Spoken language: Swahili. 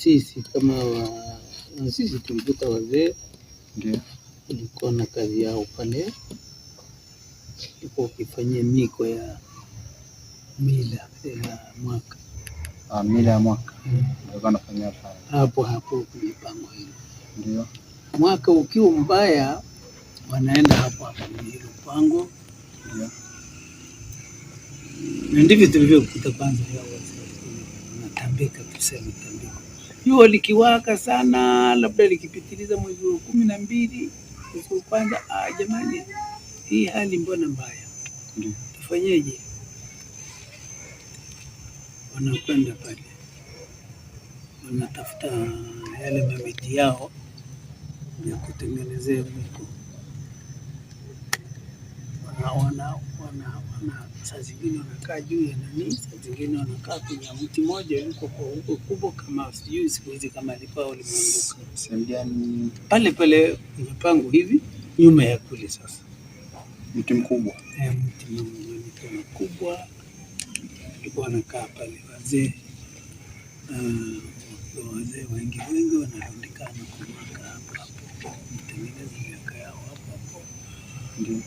sisi kama wa, sisi tulikuta wazee ndio ilikuwa na kazi yao pale, ilikuwa ukifanyia miko ya mila ya mwaka ah, mila ya mwaka ndio hmm. hapo hapo kwenye pango hilo ndio, mwaka ukiwa mbaya wanaenda hapo hapo kwenye hilo pango ndio, na ndivyo tulivyokuta kwanza, yao wanatambika, tuseme tambiko jua likiwaka sana, labda likipitiliza mwezi wa kumi na mbili mwezi wa kwanza. Ah, jamani, hii hali mbona mbaya? Tufanyeje? wanakwenda pale wanatafuta yale mamiti yao ya kutengenezea mwiko wana saa zingine wanakaa juu ya nani, saa zingine wanakaa kwenye mti moja yuko kwa huko kubwa, kama sijui siku hizi kama alikuwa limeanguka sehemu pale pale kwenye pango hivi nyuma ya kule. Sasa mti mkubwa eh, mti mkubwa alikuwa anakaa pale, wazee uh, wazee wengi wengi wanarundikana kwa hapo hapo, mtengeneza miaka yao hapo hapo ndio